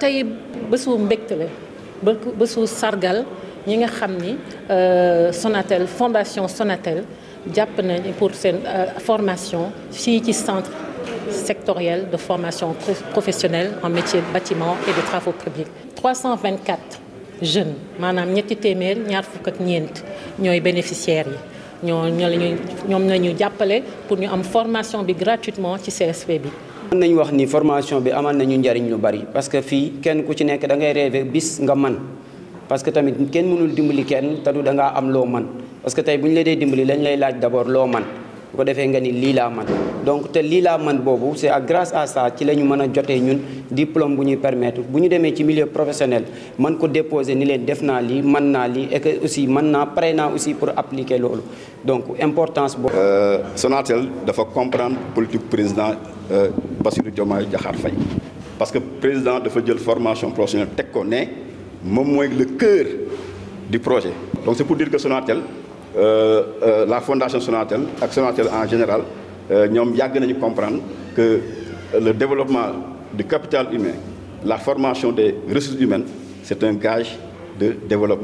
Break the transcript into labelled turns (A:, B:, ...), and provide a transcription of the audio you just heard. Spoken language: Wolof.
A: tey bésu mbégte la bésu sargal ñi nga xam ni euh, Sonatel fondation Sonatel jàpp nañ pour seen euh, formation fii ci centre sectoriel de formation professionnelle en métier bâtiment et de travaux publics 324 jeunes maanaam ñetti téeméer ñaar fukk ak ñeent ñooy bénéficiaire yi ñoo la ñuy ñoom la jàppale pour ñu am formation bi gratuitement ci CSP bi
B: mën nañu wax ni formation bi amal nañu njariñ lu bari parce que fii kenn ku ci nekk da ngay rêver bis nga man parce que tamit kenn mënul dimbali kenn te du da ngaa am loo man parce que tey bu ñu la dee dimbali lañ lay laaj d'abord loo man bu ko defee nga ni lii laa man donc te lii laa man boobu c'est à grâce à ça ci la ñu mën a jotee ñun diplôme bu ñuy permettre bu ñu demee ci milieu professionnel man ko déposer ni leen def naa lii man naa lii et que naa
C: pare naa aussi pour appliquer loolu donc importance boobu. Euh, Sonatel dafa comprendre politique président. Euh, Bassirou Diomaye Diakhar Faye parce que président dafa jël formation professionnelle teg ko ne moom mooy le cœur du projet donc c'est pour dire que Sonatel euh, euh la fondation Sonatel ak Sonatel en général euh, ñoom yàgg nañu comprendre que le développement du capital humain la formation des ressources humaines c'est un gage de développement